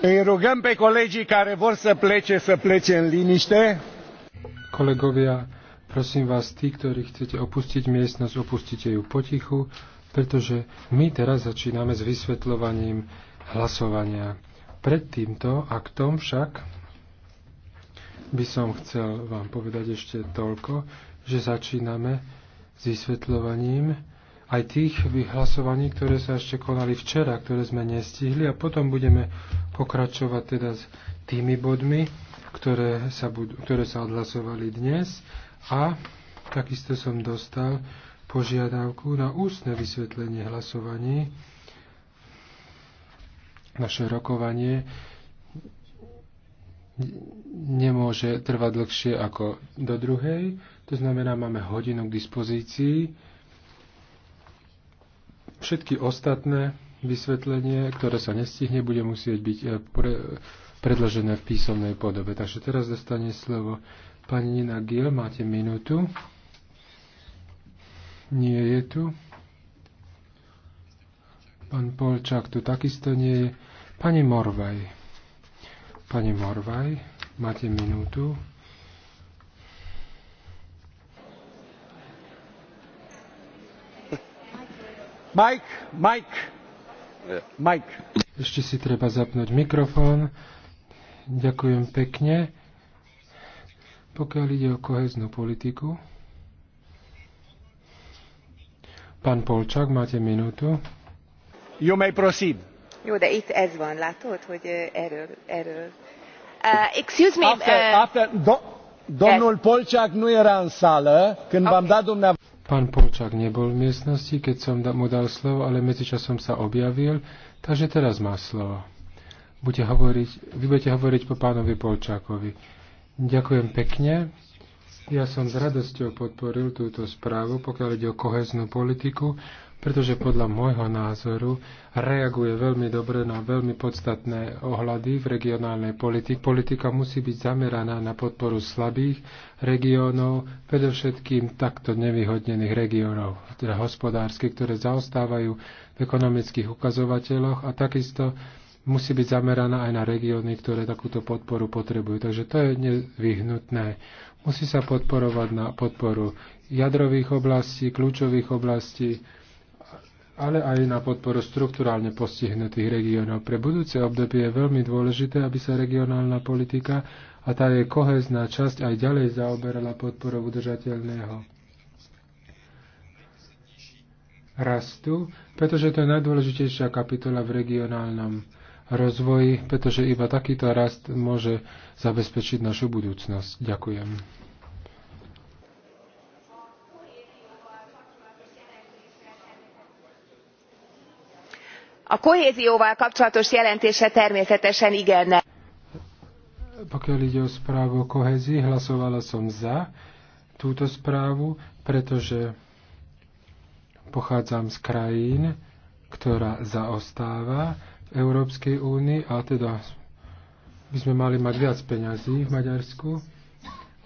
Îi rugăm pe colegii care vor să plece, să plece în liniște. Kolegovia, prosím vás, tí, ktorí chcete opustiť miestnosť, opustite ju potichu, pretože my teraz začíname s vysvetľovaním hlasovania. Pred týmto aktom však by som chcel vám povedať ešte toľko, že začíname s vysvetľovaním aj tých vyhlasovaní, ktoré sa ešte konali včera, ktoré sme nestihli a potom budeme pokračovať teda s tými bodmi, ktoré sa, budú, ktoré sa odhlasovali dnes a takisto som dostal požiadavku na ústne vysvetlenie hlasovaní. Naše rokovanie nemôže trvať dlhšie ako do druhej, to znamená, máme hodinu k dispozícii Všetky ostatné vysvetlenie, ktoré sa nestihne, bude musieť byť eh, pre, predložené v písomnej podobe. Takže teraz dostane slovo pani Nina Gil. Máte minútu. Nie je tu. Pán Polčák tu takisto nie je. Pani Morvaj. Pani Morvaj, máte minútu. Mike, Mike, Mike. Ešte si treba zapnúť mikrofón. Ďakujem pekne. Pokiaľ ide o koheznú politiku. Pán Polčák, máte minútu. You may proceed. Jó, de itt ez van, látod, hogy erről, erről. Uh, excuse me. After, uh, after, do, domnul Polčák nu era în sală când v-am dat dumneavoastră Pán Polčák nebol v miestnosti, keď som mu dal slovo, ale medzičasom sa objavil, takže teraz má slovo. Bude hovoriť, vy budete hovoriť po pánovi Polčákovi. Ďakujem pekne. Ja som s radosťou podporil túto správu, pokiaľ ide o koheznú politiku, pretože podľa môjho názoru reaguje veľmi dobre na veľmi podstatné ohľady v regionálnej politike. Politika musí byť zameraná na podporu slabých regiónov, predovšetkým takto nevyhodnených regiónov, teda hospodársky, ktoré zaostávajú v ekonomických ukazovateľoch a takisto musí byť zameraná aj na regióny, ktoré takúto podporu potrebujú. Takže to je nevyhnutné. Musí sa podporovať na podporu jadrových oblastí, kľúčových oblastí, ale aj na podporu štruktúrálne postihnutých regiónov. Pre budúce obdobie je veľmi dôležité, aby sa regionálna politika a tá jej kohezná časť aj ďalej zaoberala podporou udržateľného rastu, pretože to je najdôležitejšia kapitola v regionálnom rozvoji, pretože iba takýto rast môže zabezpečiť našu budúcnosť. Ďakujem. a kohézióval kapcsolatos jelentése természetesen igennel. Pokiaľ ide o správu o kohezii, hlasovala som za túto správu, pretože pochádzam z krajín, ktorá zaostáva v Európskej únii a teda by sme mali mať viac peňazí v Maďarsku.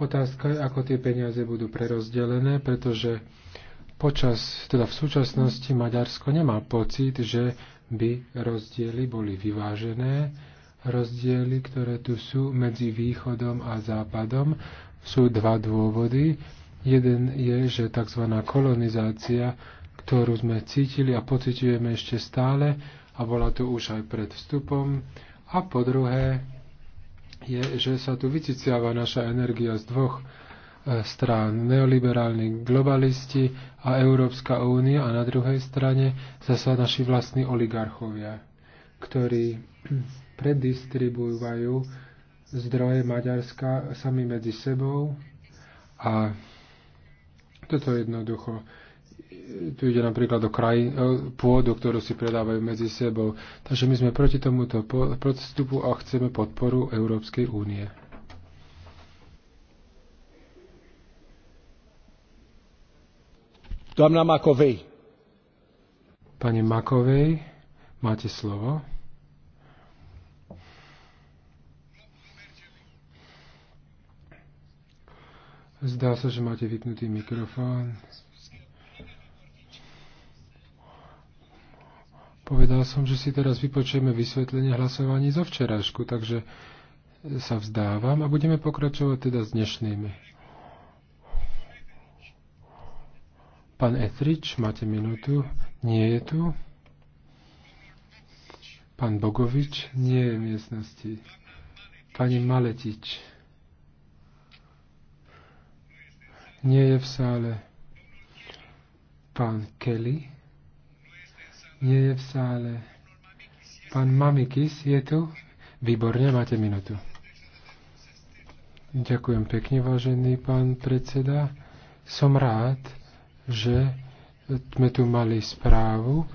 Otázka je, ako tie peniaze budú prerozdelené, pretože počas, teda v súčasnosti Maďarsko nemá pocit, že by rozdiely boli vyvážené. Rozdiely, ktoré tu sú medzi východom a západom, sú dva dôvody. Jeden je, že tzv. kolonizácia, ktorú sme cítili a pociťujeme ešte stále, a bola tu už aj pred vstupom. A po druhé je, že sa tu vyciciava naša energia z dvoch strán neoliberálni globalisti a Európska únia a na druhej strane zasa naši vlastní oligarchovia, ktorí predistribujú zdroje Maďarska sami medzi sebou a toto jednoducho tu ide napríklad o kraj, pôdu, ktorú si predávajú medzi sebou. Takže my sme proti tomuto postupu a chceme podporu Európskej únie. Doamna Makovej. Pani Makovej, máte slovo. Zdá sa, že máte vypnutý mikrofón. Povedal som, že si teraz vypočujeme vysvetlenie hlasovaní zo včerajšku, takže sa vzdávam a budeme pokračovať teda s dnešnými. Pán Etrič, máte minútu. Nie je tu. Pán Bogovič nie je v miestnosti. Pani Maletič nie je v sále. Pán Kelly nie je v sále. Pán Mamikis je tu. Výborne, máte minútu. Ďakujem pekne, vážený pán predseda. Som rád, že sme tu mali správu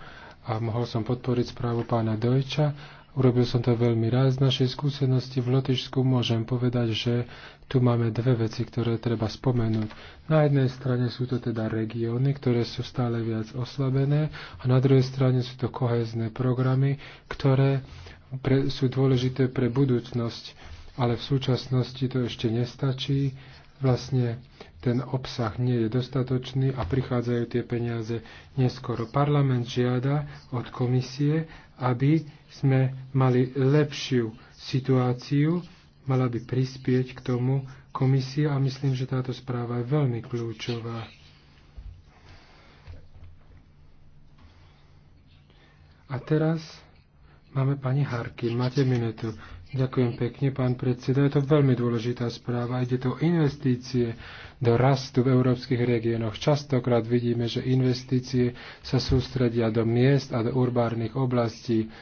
a mohol som podporiť správu pána Dojča. Urobil som to veľmi rád. Z našej skúsenosti v Lotyšsku môžem povedať, že tu máme dve veci, ktoré treba spomenúť. Na jednej strane sú to teda regióny, ktoré sú stále viac oslabené a na druhej strane sú to kohezné programy, ktoré pre, sú dôležité pre budúcnosť, ale v súčasnosti to ešte nestačí vlastne ten obsah nie je dostatočný a prichádzajú tie peniaze neskoro. Parlament žiada od komisie, aby sme mali lepšiu situáciu, mala by prispieť k tomu komisia a myslím, že táto správa je veľmi kľúčová. A teraz máme pani Harky. Máte minútu. Ďakujem pekne, pán predseda. Je to veľmi dôležitá správa. Ide to o investície do rastu v európskych regiónoch. Častokrát vidíme, že investície sa sústredia do miest a do urbárnych oblastí,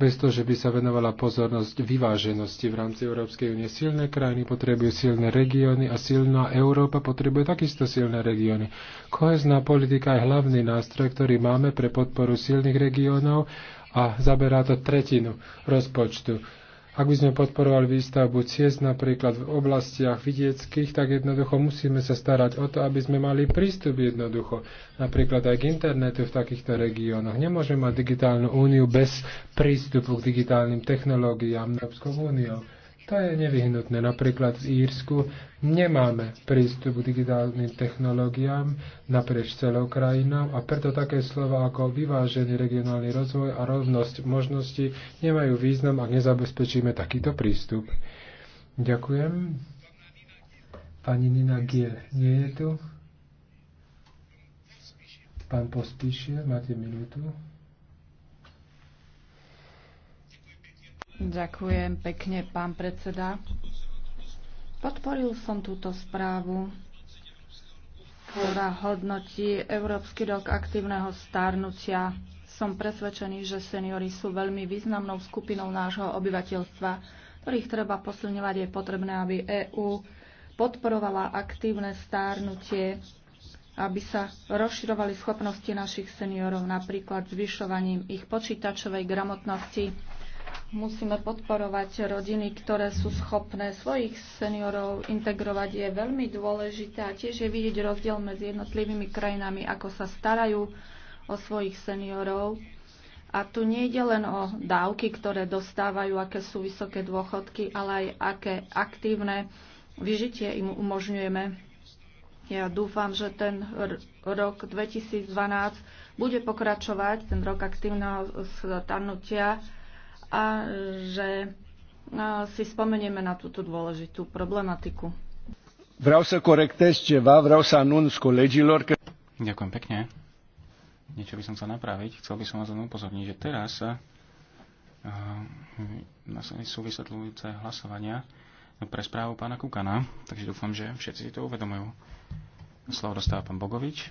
bez toho, že by sa venovala pozornosť vyváženosti v rámci Európskej únie. Silné krajiny potrebujú silné regióny a silná Európa potrebuje takisto silné regióny. Kohezná politika je hlavný nástroj, ktorý máme pre podporu silných regiónov a zaberá to tretinu rozpočtu ak by sme podporovali výstavbu ciest napríklad v oblastiach vidieckých, tak jednoducho musíme sa starať o to, aby sme mali prístup jednoducho napríklad aj k internetu v takýchto regiónoch. Nemôžeme mať digitálnu úniu bez prístupu k digitálnym technológiám Európskou úniou. To je nevyhnutné. Napríklad v Írsku nemáme prístup k digitálnym technológiám naprieč celou krajinou a preto také slova ako vyvážený regionálny rozvoj a rovnosť možností nemajú význam, ak nezabezpečíme takýto prístup. Ďakujem. Pani Nina G. nie je tu. Pán Pospíšie, máte minútu. Ďakujem pekne, pán predseda. Podporil som túto správu, ktorá hodnotí Európsky rok aktívneho starnutia. Som presvedčený, že seniory sú veľmi významnou skupinou nášho obyvateľstva, ktorých treba posilňovať. Je potrebné, aby EÚ podporovala aktívne stárnutie, aby sa rozširovali schopnosti našich seniorov, napríklad zvyšovaním ich počítačovej gramotnosti, musíme podporovať rodiny, ktoré sú schopné svojich seniorov integrovať, je veľmi dôležité a tiež je vidieť rozdiel medzi jednotlivými krajinami, ako sa starajú o svojich seniorov. A tu nie ide len o dávky, ktoré dostávajú, aké sú vysoké dôchodky, ale aj aké aktívne vyžitie im umožňujeme. Ja dúfam, že ten rok 2012 bude pokračovať, ten rok aktívneho starnutia a že si spomenieme na túto dôležitú problematiku. Vreau să že ceva, vreau sa nun colegilor Ďakujem pekne. Niečo by som chcel napraviť. Chcel by som vás len upozorniť, že teraz uh, na sú vysvetľujúce hlasovania pre správu pána Kukana, takže dúfam, že všetci si to uvedomujú. Slovo dostáva pán Bogovič.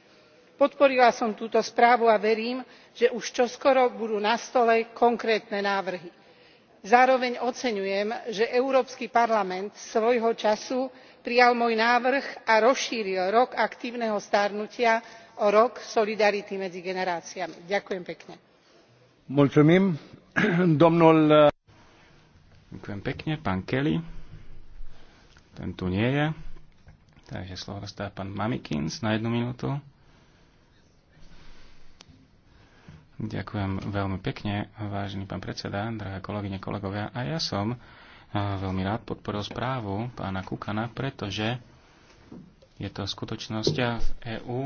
podporila som túto správu a verím že už čoskoro budú na stole konkrétne návrhy. zároveň oceňujem že európsky parlament svojho času prijal môj návrh a rozšíril rok aktívneho starnutia o rok solidarity medzi generáciami. ďakujem pekne. Uh, pán Kelly. Ten tu nie je. Takže slovo pán Mamikins na jednu Ďakujem veľmi pekne, vážený pán predseda, drahé kolegyne, kolegovia. A ja som eh, veľmi rád podporil správu pána Kukana, pretože je to skutočnosť v EÚ,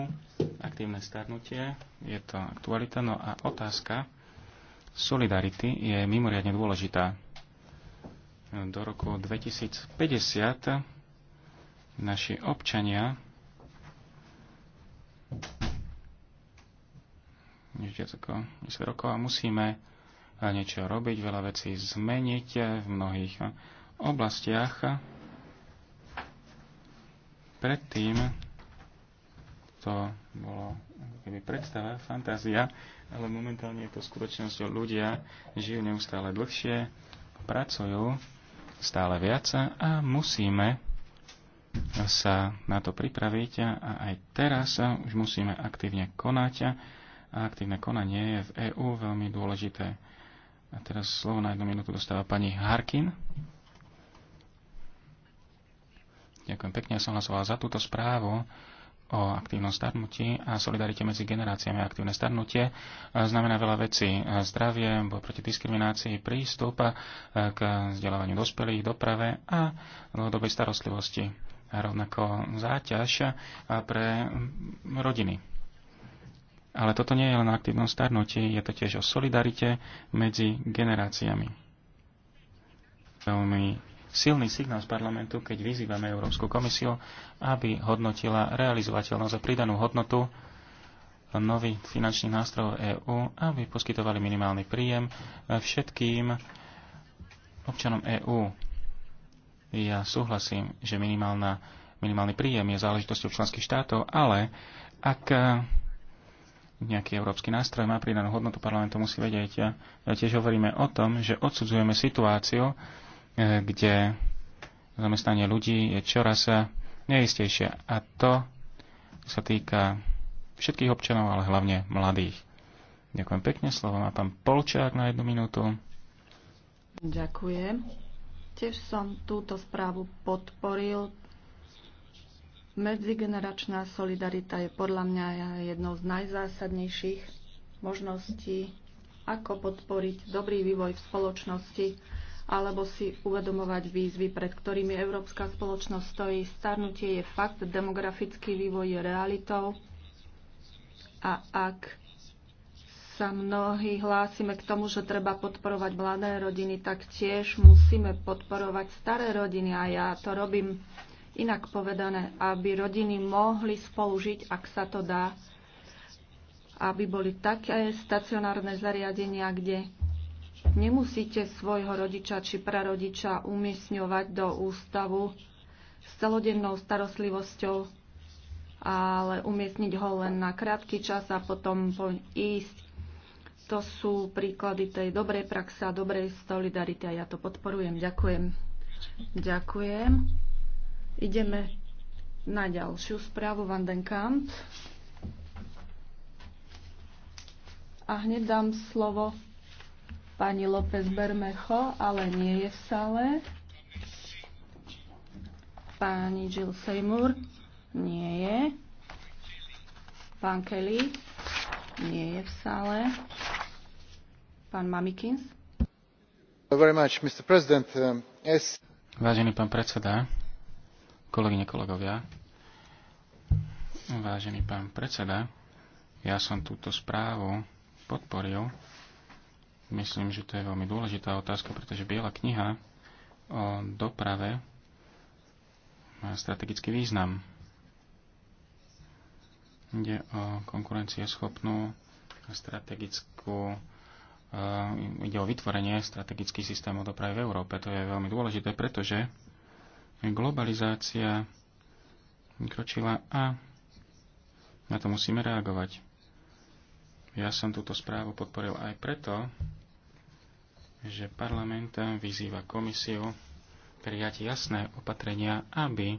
aktívne starnutie, je to aktualita, no a otázka solidarity je mimoriadne dôležitá. Do roku 2050 naši občania než viac ako 10 rokov a musíme eh, niečo robiť, veľa vecí zmeniť eh, v mnohých eh, oblastiach. Predtým to bolo keby predstava, fantázia, ale momentálne je to že Ľudia žijú neustále dlhšie, pracujú stále viac a musíme sa na to pripraviť a aj teraz už musíme aktívne konať a aktívne konanie je v EÚ veľmi dôležité. A teraz slovo na jednu minútu dostáva pani Harkin. Ďakujem pekne, ja som hlasoval za túto správu o aktívnom starnutí a solidarite medzi generáciami. Aktívne starnutie e, znamená veľa vecí. E, zdravie, boj proti diskriminácii, prístup e, k vzdelávaniu dospelých, doprave a dlhodobej starostlivosti. A rovnako záťaž pre rodiny ale toto nie je len o aktívnom starnutí, je to tiež o solidarite medzi generáciami. Veľmi silný signál z parlamentu, keď vyzývame Európsku komisiu, aby hodnotila realizovateľnosť a pridanú hodnotu nových finančných nástrojov EÚ, aby poskytovali minimálny príjem všetkým občanom EÚ. Ja súhlasím, že minimálna, minimálny príjem je záležitosťou členských štátov, ale ak nejaký európsky nástroj má pridanú hodnotu, parlamentu musí vedieť. Ja, ja tiež hovoríme o tom, že odsudzujeme situáciu, e, kde zamestnanie ľudí je čoraz neistejšie. A to sa týka všetkých občanov, ale hlavne mladých. Ďakujem pekne, slovo má pán Polčák na jednu minútu. Ďakujem. Tiež som túto správu podporil, Medzigeneračná solidarita je podľa mňa jednou z najzásadnejších možností, ako podporiť dobrý vývoj v spoločnosti alebo si uvedomovať výzvy, pred ktorými európska spoločnosť stojí. Starnutie je fakt, demografický vývoj je realitou a ak sa mnohí hlásime k tomu, že treba podporovať mladé rodiny, tak tiež musíme podporovať staré rodiny a ja to robím Inak povedané, aby rodiny mohli spolužiť, ak sa to dá, aby boli také stacionárne zariadenia, kde nemusíte svojho rodiča či prarodiča umiestňovať do ústavu s celodennou starostlivosťou, ale umiestniť ho len na krátky čas a potom poň ísť. To sú príklady tej dobrej praxe a dobrej solidarity a ja to podporujem. Ďakujem. Ďakujem. Ideme na ďalšiu správu Van den Kamp. A hneď dám slovo pani López Bermecho, ale nie je v sále. Pani Jill Seymour nie je. Pán Kelly nie je v sále. Pán Mamikins. Um, Vážený pán predseda, Kolegyne, kolegovia, vážený pán predseda, ja som túto správu podporil. Myslím, že to je veľmi dôležitá otázka, pretože Biela kniha o doprave má strategický význam. Ide o konkurencieschopnú strategickú eh, ide o vytvorenie strategických systémov dopravy v Európe. To je veľmi dôležité, pretože globalizácia vykročila a na to musíme reagovať. Ja som túto správu podporil aj preto, že parlament vyzýva komisiu prijať jasné opatrenia, aby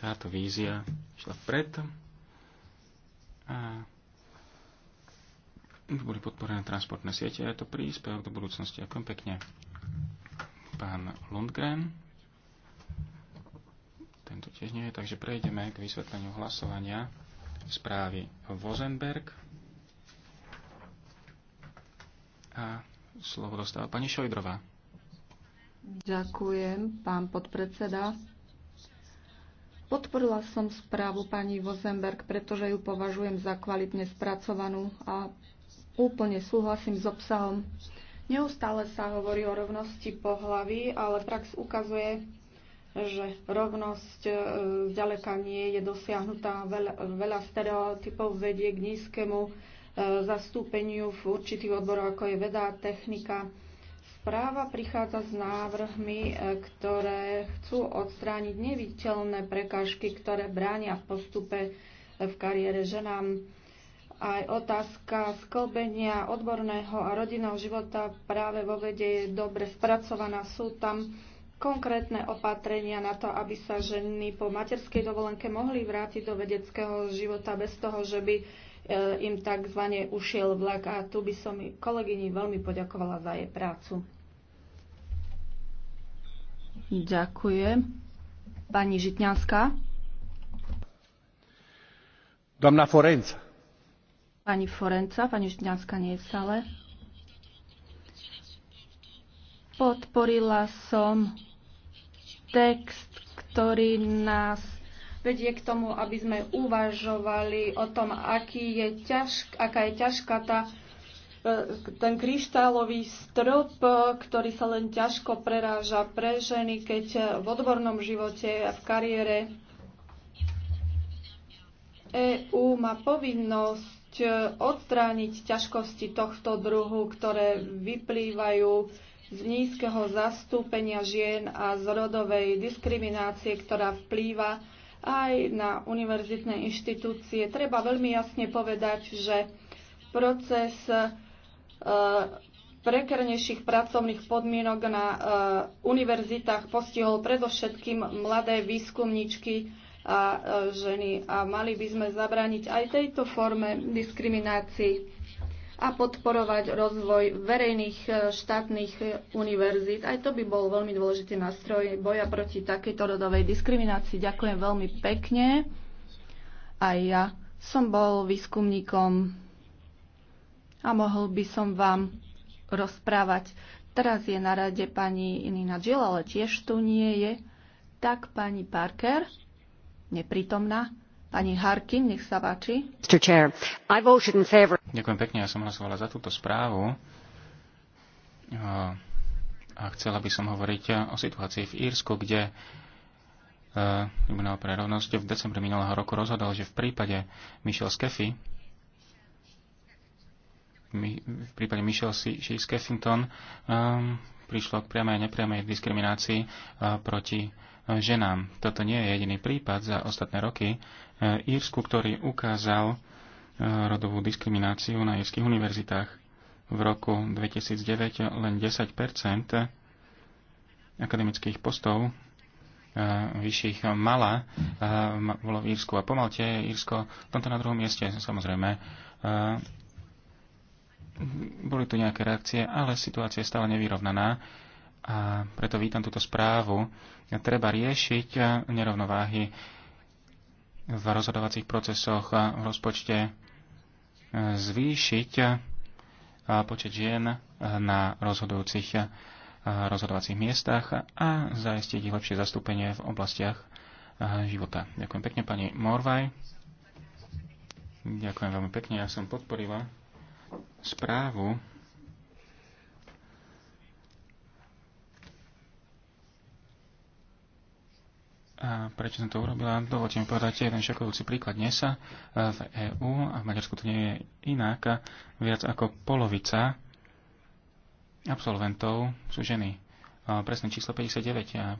táto vízia šla vpred a boli podporené transportné siete a je to príspevok do budúcnosti. Ďakujem pekne. Pán Lundgren. Tento tiež nie je, takže prejdeme k vysvetleniu hlasovania správy Vozenberg. A slovo dostáva pani Šojdrová. Ďakujem, pán podpredseda. Podporila som správu pani Vozenberg, pretože ju považujem za kvalitne spracovanú a úplne súhlasím s obsahom. Neustále sa hovorí o rovnosti pohlaví, ale prax ukazuje, že rovnosť e, zďaleka nie je dosiahnutá. Veľa, stereotypov vedie k nízkemu e, zastúpeniu v určitých odboroch, ako je veda a technika. Správa prichádza s návrhmi, e, ktoré chcú odstrániť neviditeľné prekážky, ktoré bránia v postupe v kariére ženám aj otázka sklbenia odborného a rodinného života práve vo vede je dobre spracovaná. Sú tam konkrétne opatrenia na to, aby sa ženy po materskej dovolenke mohli vrátiť do vedeckého života bez toho, že by e, im tzv. ušiel vlak. A tu by som kolegyni veľmi poďakovala za jej prácu. Ďakujem. Pani Žitňanská. Domna Forenca. Pani Forenca, pani Žitňanská nie je v sále. Podporila som text, ktorý nás vedie k tomu, aby sme uvažovali o tom, aký je ťažk, aká je ťažká tá, e, ten kryštálový strop, e, ktorý sa len ťažko preráža pre ženy, keď v odbornom živote a v kariére EÚ má povinnosť e, odstrániť ťažkosti tohto druhu, ktoré vyplývajú z nízkeho zastúpenia žien a z rodovej diskriminácie, ktorá vplýva aj na univerzitné inštitúcie. Treba veľmi jasne povedať, že proces e, prekernejších pracovných podmienok na e, univerzitách postihol predovšetkým mladé výskumníčky a e, ženy a mali by sme zabrániť aj tejto forme diskriminácii a podporovať rozvoj verejných e, štátnych e, univerzít. Aj to by bol veľmi dôležitý nástroj boja proti takejto rodovej diskriminácii. Ďakujem veľmi pekne. Aj ja som bol výskumníkom a mohol by som vám rozprávať. Teraz je na rade pani Inina Jill, ale tiež tu nie je. Tak pani Parker, neprítomná. Ďakujem pekne, ja som hlasovala za túto správu. A chcela by som hovoriť o situácii v Írsku, kde e, Tribunál pre rovnosť v decembri minulého roku rozhodol, že v prípade Michel Skeffy, v prípade Michelle Skeffington um, prišlo k priamej a nepriamej diskriminácii uh, proti ženám. Toto nie je jediný prípad za ostatné roky. E, Írsku, ktorý ukázal e, rodovú diskrimináciu na írskych univerzitách. V roku 2009 len 10 akademických postov e, vyšších mala bolo v Írsku a pomalte, je Írsko v tomto na druhom mieste samozrejme boli tu nejaké reakcie, ale situácia je stále nevyrovnaná a preto vítam túto správu. Treba riešiť eh, nerovnováhy v rozhodovacích procesoch eh, v rozpočte, eh, zvýšiť počet žien na rozhodujúcich rozhodovacích miestach a zajistiť ich lepšie zastúpenie v oblastiach života. Ďakujem pekne pani Morvaj. Ďakujem veľmi pekne. Ja som podporila správu A prečo som to urobila? Dovolte mi povedať jeden šokujúci príklad. Dnes e, v EÚ, a v Maďarsku to nie je inak, viac ako polovica absolventov sú ženy. Presné číslo 59%.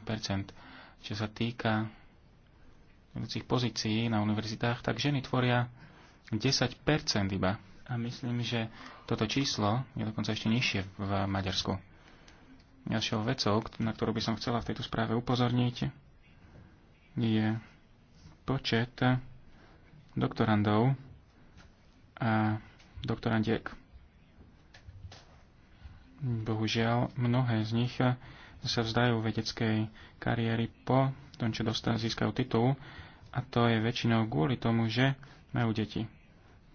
Čo sa týka vedúcich pozícií na univerzitách, tak ženy tvoria 10% iba. A myslím, že toto číslo je dokonca ešte nižšie v Maďarsku. Ďalšou vecou, na ktorú by som chcela v tejto správe upozorniť, je počet doktorandov a doktorandiek. Bohužiaľ, mnohé z nich sa vzdajú vedeckej kariéry po tom, čo dostan, získajú titul a to je väčšinou kvôli tomu, že majú deti.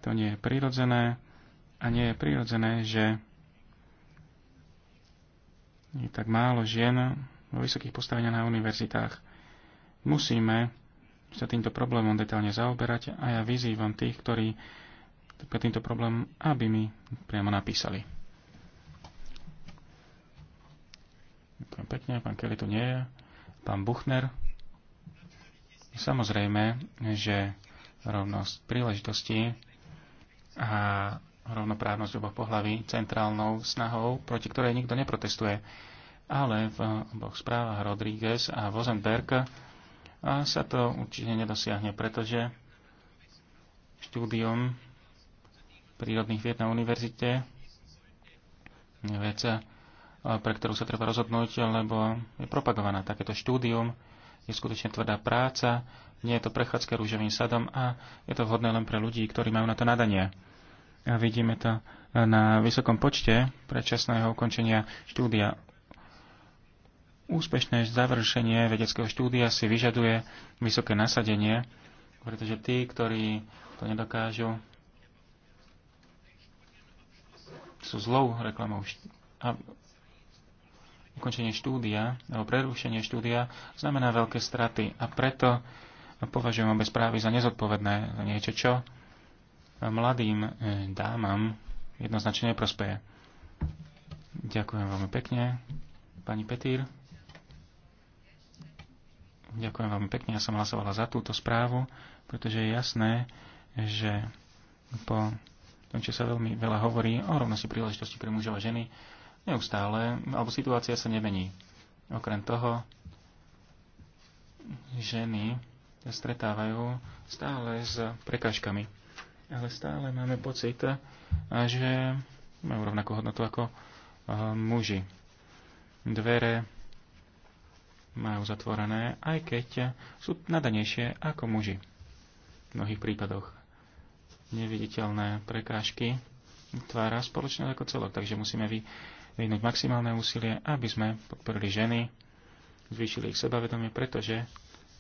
To nie je prirodzené a nie je prirodzené, že je tak málo žien vo vysokých postaveniach na univerzitách Musíme sa týmto problémom detálne zaoberať a ja vyzývam tých, ktorí pre týmto problémom, aby mi priamo napísali. Ďakujem pekne, pán Kelly tu nie je. Pán Buchner. Samozrejme, že rovnosť príležitosti a rovnoprávnosť oboch pohlaví centrálnou snahou, proti ktorej nikto neprotestuje. Ale v oboch správach Rodríguez a Vozenberg a sa to určite nedosiahne, pretože štúdium prírodných vied na univerzite je vec, pre ktorú sa treba rozhodnúť, lebo je propagovaná. Takéto štúdium je skutočne tvrdá práca, nie je to prechádzka rúžovým sadom a je to vhodné len pre ľudí, ktorí majú na to nadanie. A vidíme to na vysokom počte predčasného ukončenia štúdia Úspešné završenie vedeckého štúdia si vyžaduje vysoké nasadenie, pretože tí, ktorí to nedokážu, sú zlou reklamou. A ukončenie štúdia, alebo prerušenie štúdia znamená veľké straty a preto považujem obe správy za nezodpovedné, za niečo, čo mladým e, dámam jednoznačne neprospeje. Ďakujem veľmi pekne, pani Petír. Ďakujem veľmi pekne. Ja som hlasovala za túto správu, pretože je jasné, že po tom, čo sa veľmi veľa hovorí o rovnosti príležitosti pre mužov a ženy, neustále, alebo situácia sa nemení. Okrem toho, ženy sa stretávajú stále s prekážkami. Ale stále máme pocit, že majú rovnakú hodnotu ako eh, muži. Dvere majú zatvorené, aj keď sú nadanejšie ako muži. V mnohých prípadoch neviditeľné prekážky tvára spoločnosť ako celok, takže musíme vyvinúť maximálne úsilie, aby sme podporili ženy, zvýšili ich sebavedomie, pretože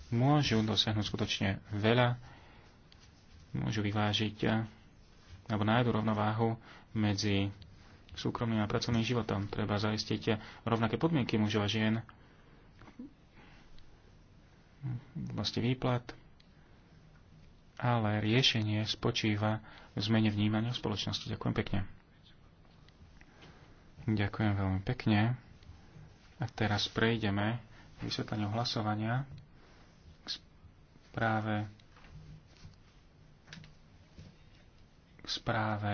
môžu dosiahnuť skutočne veľa, môžu vyvážiť eh, alebo nájdu rovnováhu medzi súkromným a pracovným životom. Treba zaistiť eh, rovnaké podmienky mužov a žien, vlastne výplat, ale riešenie spočíva v zmene vnímania v spoločnosti. Ďakujem pekne. Ďakujem veľmi pekne. A teraz prejdeme k vysvetleniu hlasovania k správe k správe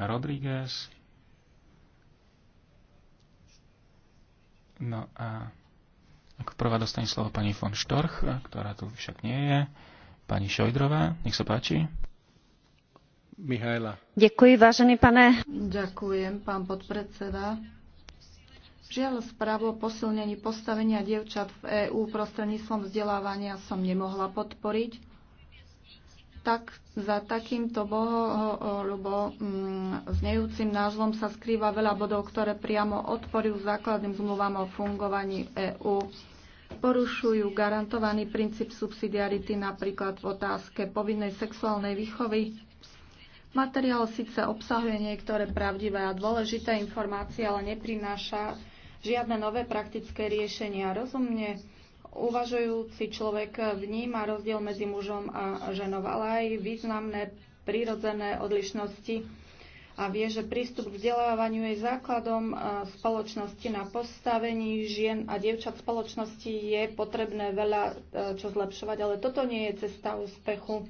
Rodriguez. No a ako prvá dostane slovo pani von Štorch, ktorá tu však nie je. Pani Šojdrová, nech sa páči. Mihajla. Ďakujem, vážený pane. Ďakujem, pán podpredseda. Žiaľ, správu o posilnení postavenia dievčat v EÚ prostredníctvom vzdelávania som nemohla podporiť. Tak za takýmto boholubo mm, znejúcim názvom sa skrýva veľa bodov, ktoré priamo odporujú základným zmluvám o fungovaní EÚ porušujú garantovaný princíp subsidiarity napríklad v otázke povinnej sexuálnej výchovy. Materiál síce obsahuje niektoré pravdivé a dôležité informácie, ale neprináša žiadne nové praktické riešenia. Rozumne uvažujúci človek vníma rozdiel medzi mužom a ženou, ale aj významné prírodzené odlišnosti a vie, že prístup k vzdelávaniu je základom eh, spoločnosti na postavení žien a dievčat spoločnosti je potrebné veľa eh, čo zlepšovať, ale toto nie je cesta úspechu.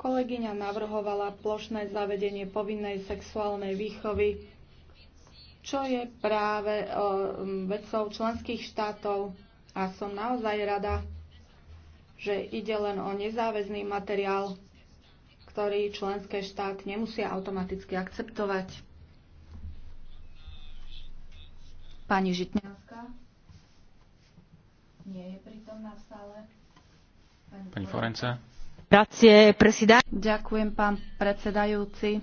Kolegyňa navrhovala plošné zavedenie povinnej sexuálnej výchovy, čo je práve eh, vecou členských štátov a som naozaj rada, že ide len o nezáväzný materiál ktorý členské štáty nemusia automaticky akceptovať. Pani Žitňanská nie je prítomná v sále. Pani, Pani Forenca. Grazie, presidente. Ďakujem, pán predsedajúci.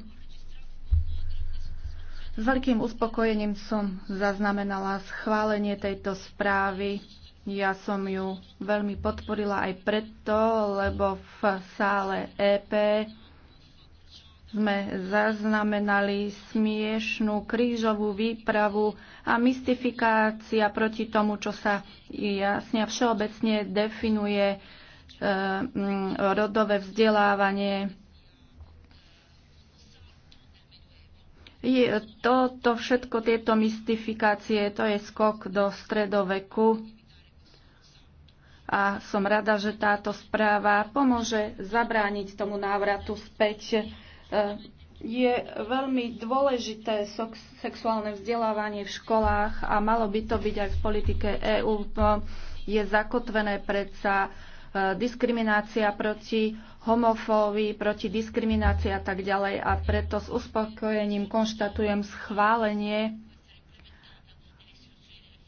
S veľkým uspokojením som zaznamenala schválenie tejto správy ja som ju veľmi podporila aj preto, lebo v sále EP sme zaznamenali smiešnú krížovú výpravu a mystifikácia proti tomu, čo sa jasne a všeobecne definuje e, mm, rodové vzdelávanie. Je, toto všetko, tieto mystifikácie, to je skok do stredoveku a som rada, že táto správa pomôže zabrániť tomu návratu späť. E, je veľmi dôležité sexuálne vzdelávanie v školách a malo by to byť aj v politike EÚ. Je zakotvené predsa e, diskriminácia proti homofóbii, proti diskriminácii a tak ďalej. A preto s uspokojením konštatujem schválenie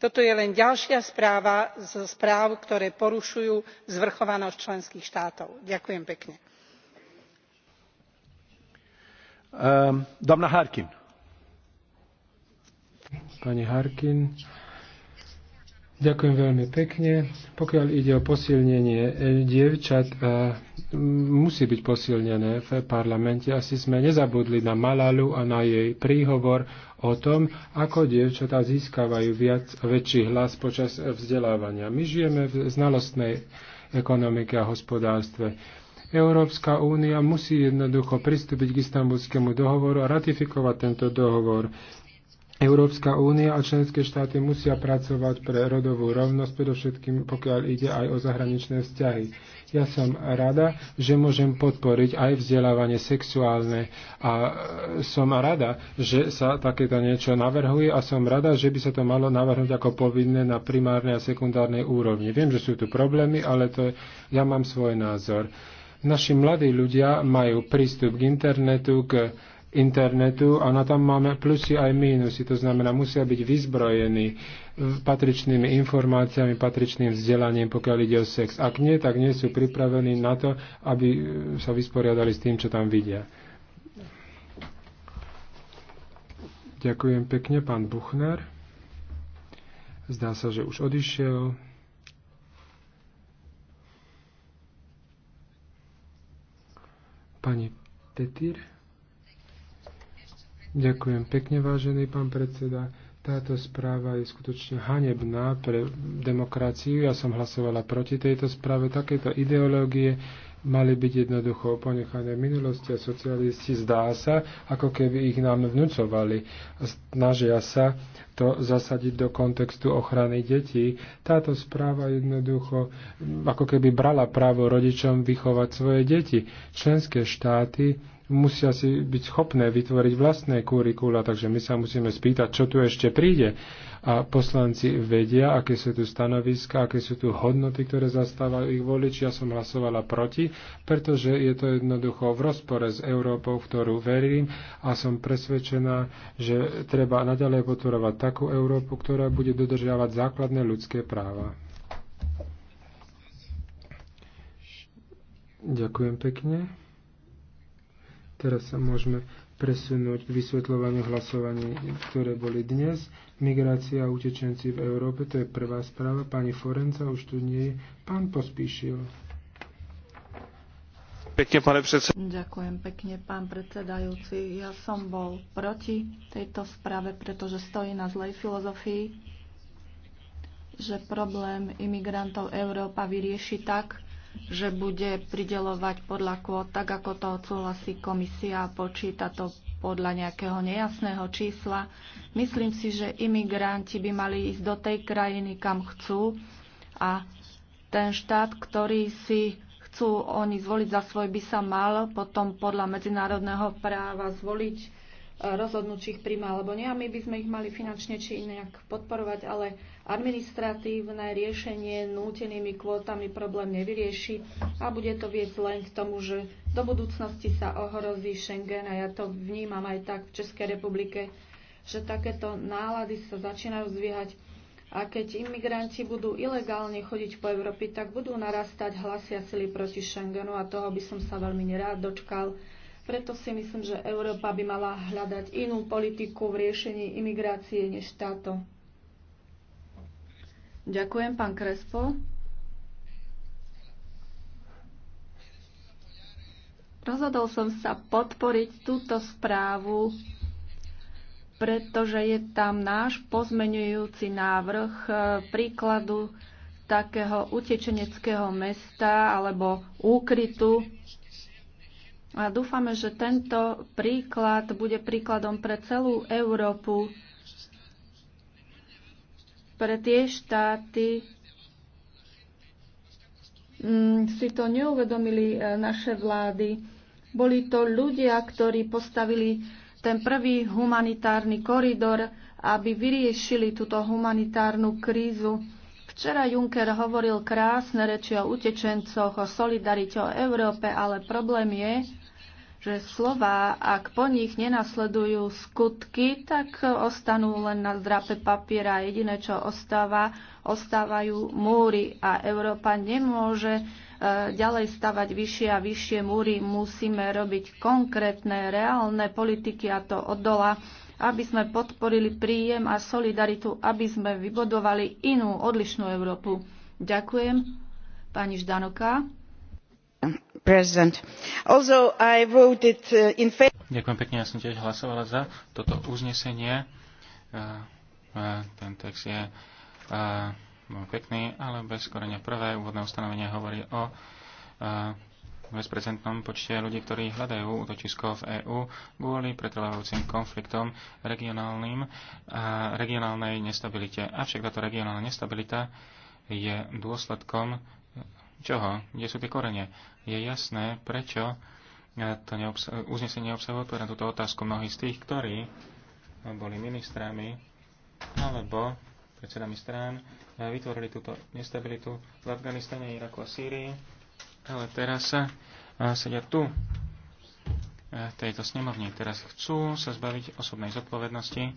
toto je len ďalšia správa zo správ ktoré porušujú zvrchovanosť členských štátov. ďakujem pekne. Ehm, ďakujem veľmi pekne. pokiaľ ide o posilnenie eh, dievčat eh, musí byť posilnené v parlamente. Asi sme nezabudli na Malalu a na jej príhovor o tom, ako dievčatá získavajú viac, väčší hlas počas vzdelávania. My žijeme v znalostnej ekonomike a hospodárstve. Európska únia musí jednoducho pristúpiť k istambulskému dohovoru a ratifikovať tento dohovor. Európska únia a členské štáty musia pracovať pre rodovú rovnosť, predovšetkým pokiaľ ide aj o zahraničné vzťahy. Ja som rada, že môžem podporiť aj vzdelávanie sexuálne a e, som rada, že sa takéto niečo navrhuje a som rada, že by sa to malo navrhnúť ako povinné na primárnej a sekundárnej úrovni. Viem, že sú tu problémy, ale to, ja mám svoj názor. Naši mladí ľudia majú prístup k internetu, k internetu a na tam máme plusy aj mínusy. To znamená, musia byť vyzbrojení patričnými informáciami, patričným vzdelaním, pokiaľ ide o sex. Ak nie, tak nie sú pripravení na to, aby e, sa vysporiadali s tým, čo tam vidia. Ďakujem pekne, pán Buchner. Zdá sa, že už odišiel. Pani Petir. Ďakujem pekne, vážený pán predseda. Táto správa je skutočne hanebná pre demokraciu. Ja som hlasovala proti tejto správe. Takéto ideológie mali byť jednoducho ponechané minulosti a socialisti zdá sa, ako keby ich nám vnúcovali. Snažia sa to zasadiť do kontextu ochrany detí. Táto správa jednoducho ako keby brala právo rodičom vychovať svoje deti. Členské štáty musia si byť schopné vytvoriť vlastné kurikula, takže my sa musíme spýtať, čo tu ešte príde. A poslanci vedia, aké sú tu stanoviska, aké sú tu hodnoty, ktoré zastávajú ich voliči. Ja som hlasovala proti, pretože je to jednoducho v rozpore s Európou, v ktorú verím a som presvedčená, že treba naďalej podporovať takú Európu, ktorá bude dodržiavať základné ľudské práva. Ďakujem pekne. Teraz sa môžeme presunúť k vysvetľovaniu hlasovaní, ktoré boli dnes. Migrácia a utečenci v Európe, to je prvá správa. Pani Forenca už tu nie je. Pán Pospíšil. Pekne, pane predsed... Ďakujem pekne, pán predsedajúci. Ja som bol proti tejto správe, pretože stojí na zlej filozofii, že problém imigrantov Európa vyrieši tak, že bude pridelovať podľa kvót, tak ako to odsúhlasí komisia a počíta to podľa nejakého nejasného čísla. Myslím si, že imigranti by mali ísť do tej krajiny, kam chcú a ten štát, ktorý si chcú oni zvoliť za svoj, by sa mal potom podľa medzinárodného práva zvoliť eh, rozhodnúť, či ich príjma alebo nie. A my by sme ich mali finančne či inak podporovať, ale administratívne riešenie nútenými kvótami problém nevyrieši a bude to viesť len k tomu, že do budúcnosti sa ohrozí Schengen a ja to vnímam aj tak v Českej republike, že takéto nálady sa začínajú zvíhať. A keď imigranti budú ilegálne chodiť po Európy, tak budú narastať hlasia sily proti Schengenu a toho by som sa veľmi nerád dočkal. Preto si myslím, že Európa by mala hľadať inú politiku v riešení imigrácie než táto. Ďakujem, pán Krespo. Rozhodol som sa podporiť túto správu, pretože je tam náš pozmenujúci návrh e, príkladu takého utečeneckého mesta alebo úkrytu. A dúfame, že tento príklad bude príkladom pre celú Európu pre tie štáty mm, si to neuvedomili e, naše vlády. Boli to ľudia, ktorí postavili ten prvý humanitárny koridor, aby vyriešili túto humanitárnu krízu. Včera Juncker hovoril krásne reči o utečencoch, o solidarite, o Európe, ale problém je, že slova, ak po nich nenasledujú skutky, tak ostanú len na zdrape papiera. Jediné, čo ostáva, ostávajú múry a Európa nemôže e, ďalej stavať vyššie a vyššie múry. Musíme robiť konkrétne, reálne politiky a to od dola, aby sme podporili príjem a solidaritu, aby sme vybudovali inú, odlišnú Európu. Ďakujem. Pani Ždanoka. Uh, Ďakujem pekne, ja som tiež hlasovala za toto uznesenie. Uh, uh, ten text je pekný, ale bez korenia prvé úvodné ustanovenie hovorí o bezprecentnom počte ľudí, ktorí hľadajú útočisko v EÚ kvôli pretrvávajúcim konfliktom regionálnym a regionálnej nestabilite. Avšak táto regionálna nestabilita je dôsledkom čoho, kde sú tie korene. Je jasné, prečo eh, to neobsa- uznesenie obsahuje odpoveď na túto otázku mnohých z tých, ktorí boli ministrami alebo predsedami strán, eh, vytvorili túto nestabilitu v Afganistane, Iraku a Sýrii, ale teraz sa eh, sedia tu v tejto snemovni. Teraz chcú sa zbaviť osobnej zodpovednosti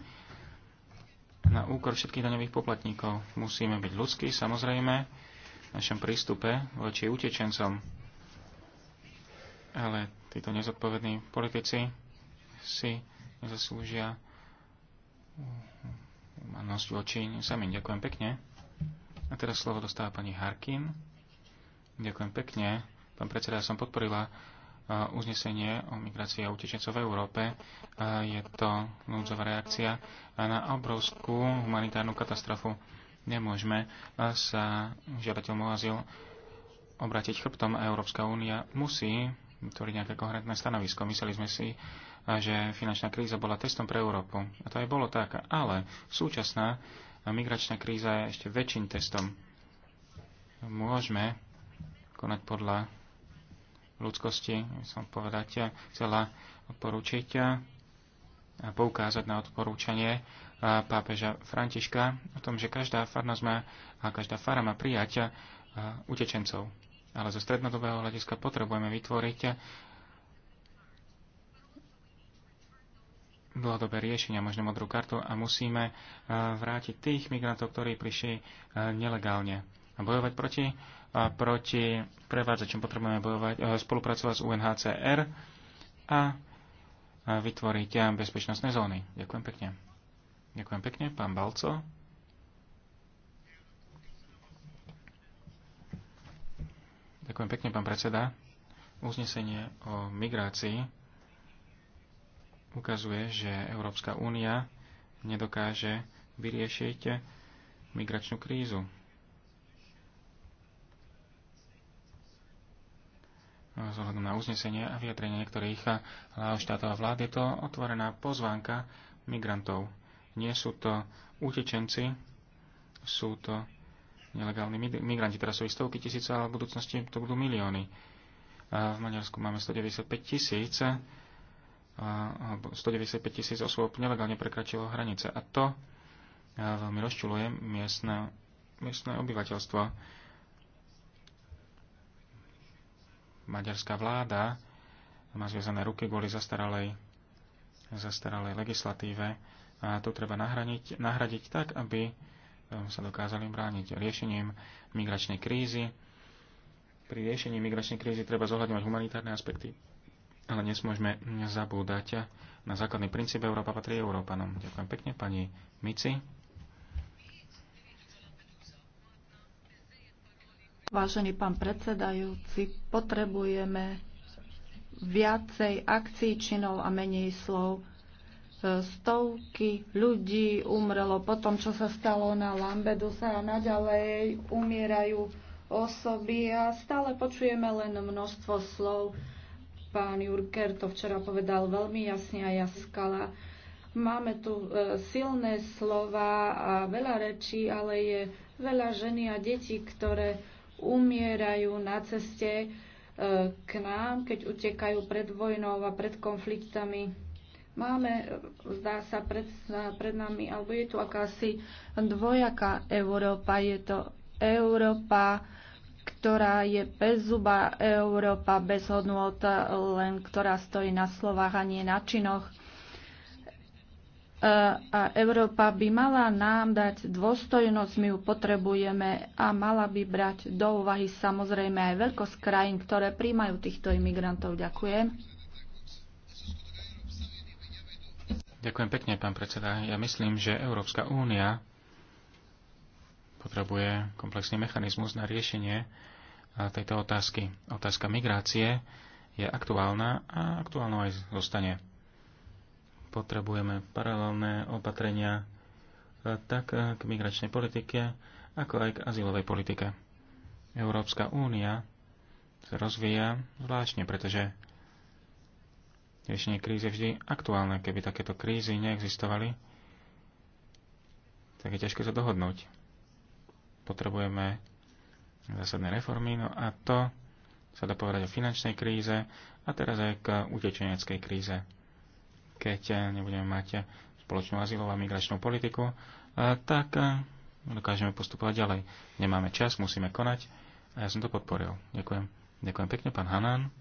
na úkor všetkých daňových poplatníkov. Musíme byť ľudskí, samozrejme, našom prístupe voči utečencom. Ale títo nezodpovední politici si zaslúžia humanosť voči samým. Ďakujem pekne. A teraz slovo dostáva pani Harkin. Ďakujem pekne. Pán predseda, ja som podporila uznesenie o migrácii a utečencov v Európe. Je to núdzová reakcia na obrovskú humanitárnu katastrofu. Nemôžeme sa žiadateľom o azyl obrátiť chrbtom a Európska únia musí vytvoriť nejaké konkrétne stanovisko. Mysleli sme si, že finančná kríza bola testom pre Európu. A to aj bolo tak. Ale súčasná migračná kríza je ešte väčším testom. Môžeme konať podľa ľudskosti, som povedať, chcela odporúčiť a poukázať na odporúčanie pápeža Františka o tom, že každá farnosť má a každá fara má prijať utečencov. Ale zo strednodobého hľadiska potrebujeme vytvoriť dlhodobé riešenia, možno modrú kartu a musíme vrátiť tých migrantov, ktorí prišli nelegálne. A bojovať proti, proti prevádzačom potrebujeme bojovať, spolupracovať s UNHCR a vytvoriť bezpečnostné zóny. Ďakujem pekne. Ďakujem pekne. Pán Balco. Ďakujem pekne, pán predseda. Uznesenie o migrácii ukazuje, že Európska únia nedokáže vyriešiť migračnú krízu. Zohľadom na uznesenie a vyjadrenie niektorých hlav štátov a vlád je to otvorená pozvánka migrantov nie sú to utečenci, sú to nelegálni migranti. Teraz sú ich stovky tisíc, ale v budúcnosti to budú milióny. A v Maďarsku máme 195 tisíc, 195 tisíc osôb nelegálne prekračilo hranice. A to veľmi rozčuluje miestne, miestne obyvateľstvo. Maďarská vláda má zviazané ruky kvôli zastaralej, zastaralej legislatíve a to treba nahradiť, nahradiť tak, aby ehm, sa dokázali brániť riešením migračnej krízy. Pri riešení migračnej krízy treba zohľadňovať humanitárne aspekty, ale nesmôžeme zabúdať na základný princíp Európa patrí Európanom. Ďakujem pekne pani Mici. Vážený pán predsedajúci, potrebujeme viacej akcií, činov a menej slov stovky ľudí umrelo po tom, čo sa stalo na sa a naďalej umierajú osoby a stále počujeme len množstvo slov. Pán Jurker to včera povedal veľmi jasne a jaskala. Máme tu e, silné slova a veľa rečí, ale je veľa ženy a detí, ktoré umierajú na ceste e, k nám, keď utekajú pred vojnou a pred konfliktami. Máme, zdá sa, pred, pred nami, alebo je tu akási dvojaká Európa. Je to Európa, ktorá je bezzuba Európa, bez hodnot, len ktorá stojí na slovách a nie na činoch. E, a Európa by mala nám dať dôstojnosť, my ju potrebujeme a mala by brať do úvahy samozrejme aj veľkosť krajín, ktoré príjmajú týchto imigrantov. Ďakujem. Ďakujem pekne, pán predseda. Ja myslím, že Európska únia potrebuje komplexný mechanizmus na riešenie tejto otázky. Otázka migrácie je aktuálna a aktuálnou aj zostane. Potrebujeme paralelné opatrenia tak k migračnej politike, ako aj k azylovej politike. Európska únia sa rozvíja zvláštne, pretože riešenie krízy vždy aktuálne. Keby takéto krízy neexistovali, tak je ťažké sa dohodnúť. Potrebujeme zásadné reformy, no a to sa dá povedať o finančnej kríze a teraz aj k utečeneckej kríze. Keď nebudeme mať spoločnú azylovú a migračnú politiku, eh, tak eh, dokážeme postupovať ďalej. Nemáme čas, musíme konať a ja som to podporil. Ďakujem. Ďakujem pekne, pán Hanan.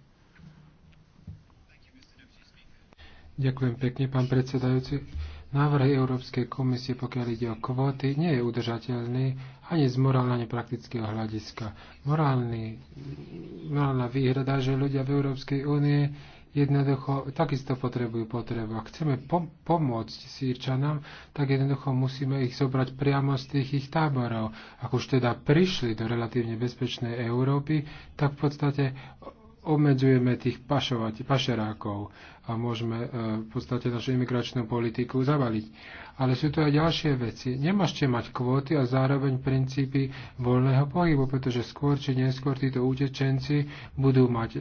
Ďakujem pekne, pán predsedajúci. Návrh Európskej komisie, pokiaľ ide o kvóty, nie je udržateľný ani z morálne, ani praktického hľadiska. Morálny, morálna výhrada, že ľudia v Európskej únie jednoducho takisto potrebujú potrebu. Ak chceme pom- pomôcť Sýrčanom, tak jednoducho musíme ich zobrať priamo z tých ich táborov. Ak už teda prišli do relatívne bezpečnej Európy, tak v podstate obmedzujeme tých pašovať, pašerákov a môžeme e, v podstate našu imigračnú politiku zavaliť. Ale sú to aj ďalšie veci. Nemôžete mať kvóty a zároveň princípy voľného pohybu, pretože skôr či neskôr títo utečenci budú mať e,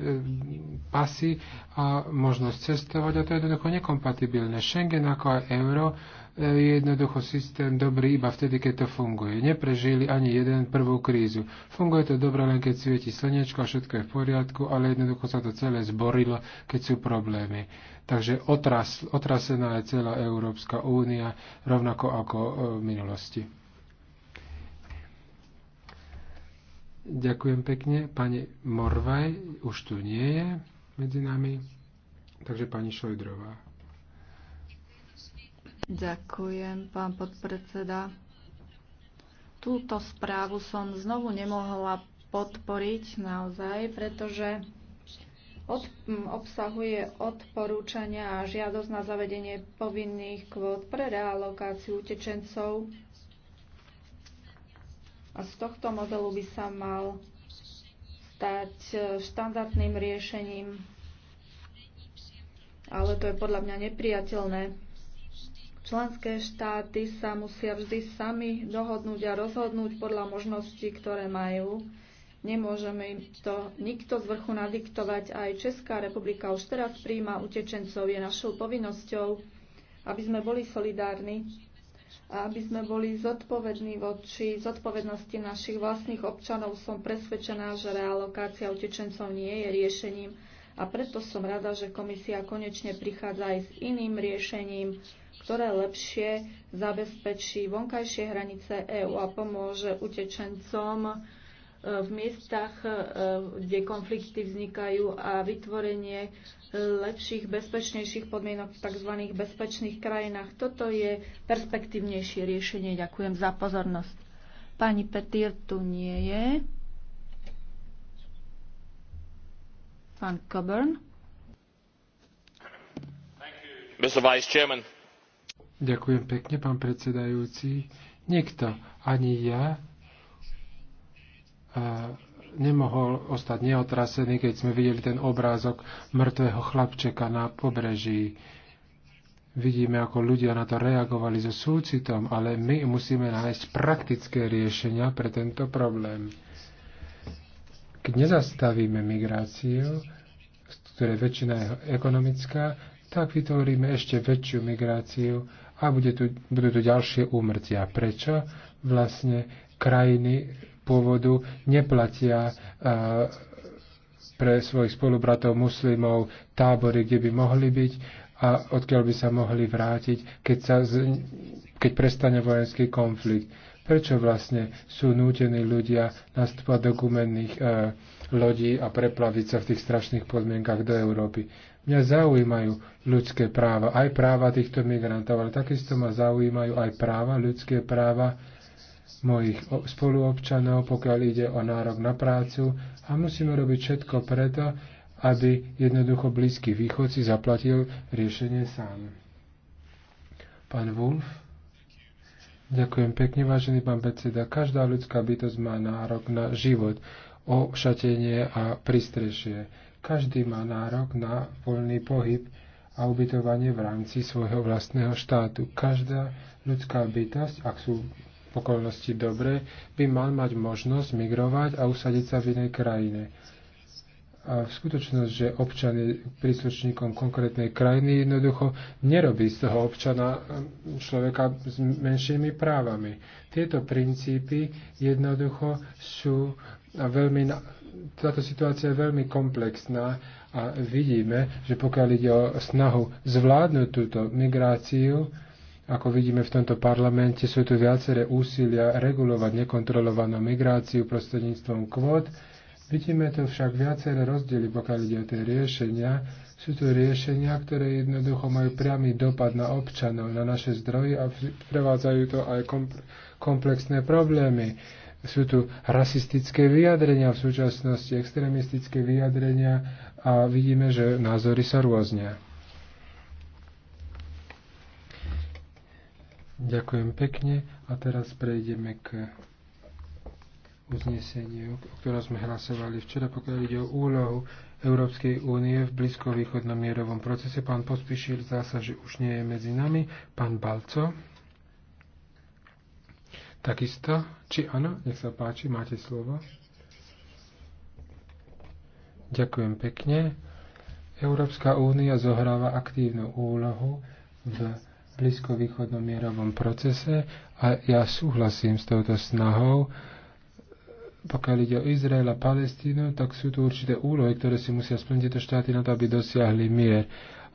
pasy a možnosť cestovať a to je jednoducho nekompatibilné. Schengen ako aj euro je jednoducho systém dobrý iba vtedy, keď to funguje. Neprežili ani jeden prvú krízu. Funguje to dobre len keď svieti slnečko a všetko je v poriadku, ale jednoducho sa to celé zborilo, keď sú problémy. Takže otras, otrasená je celá Európska únia, rovnako ako e, v minulosti. Ďakujem pekne. Pani Morvaj už tu nie je medzi nami, takže pani Šojdrová. Ďakujem, pán podpredseda. Túto správu som znovu nemohla podporiť naozaj, pretože od, obsahuje odporúčania a žiadosť na zavedenie povinných kvót pre realokáciu utečencov. A z tohto modelu by sa mal stať e, štandardným riešením, ale to je podľa mňa nepriateľné. Členské štáty sa musia vždy sami dohodnúť a rozhodnúť podľa možností, ktoré majú. Nemôžeme im to nikto z vrchu nadiktovať. Aj Česká republika už teraz príjma utečencov. Je našou povinnosťou, aby sme boli solidárni a aby sme boli zodpovední voči zodpovednosti našich vlastných občanov, som presvedčená, že realokácia utečencov nie je riešením a preto som rada, že komisia konečne prichádza aj s iným riešením, ktoré lepšie zabezpečí vonkajšie hranice EÚ a pomôže utečencom e, v miestach, e, kde konflikty vznikajú a vytvorenie e, lepších, bezpečnejších podmienok v tzv. bezpečných krajinách. Toto je perspektívnejšie riešenie. Ďakujem za pozornosť. Pani Petir tu nie je. Pán Coburn. Mr. Vice Chairman, Ďakujem pekne, pán predsedajúci. Nikto, ani ja, e, nemohol ostať neotrasený, keď sme videli ten obrázok mŕtvého chlapčeka na pobreží. Vidíme, ako ľudia na to reagovali so súcitom, ale my musíme nájsť praktické riešenia pre tento problém. Keď nezastavíme migráciu, je väčšina je ekonomická, tak vytvoríme ešte väčšiu migráciu a bude tu, budú tu ďalšie úmrtia. Prečo vlastne krajiny pôvodu neplatia pre svojich spolubratov muslimov tábory, kde by mohli byť a odkiaľ by sa mohli vrátiť, keď, sa z, keď prestane vojenský konflikt. Prečo vlastne sú nútení ľudia nastúpať do gumenných e, lodí a preplaviť sa v tých strašných podmienkach do Európy? Mňa zaujímajú ľudské práva, aj práva týchto migrantov, ale takisto ma zaujímajú aj práva, ľudské práva mojich spoluobčanov, pokiaľ ide o nárok na prácu a musíme robiť všetko preto, aby jednoducho Blízky východ si zaplatil riešenie sám. Pán Wolf? Ďakujem pekne, vážený pán predseda. Každá ľudská bytosť má nárok na život, ošatenie a pristrešie každý má nárok na voľný pohyb a ubytovanie v rámci svojho vlastného štátu. Každá ľudská bytosť, ak sú okolnosti dobré, by mal mať možnosť migrovať a usadiť sa v inej krajine. A v skutočnosť, že občan je príslušníkom konkrétnej krajiny, jednoducho nerobí z toho občana hm, človeka s menšími právami. Tieto princípy jednoducho sú veľmi táto situácia je veľmi komplexná a vidíme, že pokiaľ ide o snahu zvládnuť túto migráciu, ako vidíme v tomto parlamente, sú tu viaceré úsilia regulovať nekontrolovanú migráciu prostredníctvom kvót. Vidíme tu však viaceré rozdiely, pokiaľ ide o tie riešenia. Sú tu riešenia, ktoré jednoducho majú priamy dopad na občanov, na naše zdroje a prevádzajú to aj komplexné problémy sú tu rasistické vyjadrenia v súčasnosti, extrémistické vyjadrenia a vidíme, že názory sa rôznia. Ďakujem pekne a teraz prejdeme k uzneseniu, o ktorom sme hlasovali včera, pokiaľ ide o úlohu Európskej únie v blízkovýchodnom mierovom procese. Pán Pospišil zdá sa, že už nie je medzi nami. Pán Balco. Takisto, či áno, nech sa páči, máte slovo. Ďakujem pekne. Európska únia zohráva aktívnu úlohu v blízkovýchodnom mierovom procese a ja súhlasím s touto snahou. Pokiaľ ide o Izrael a Palestínu, tak sú tu určité úlohy, ktoré si musia splniť tieto štáty na to, aby dosiahli mier.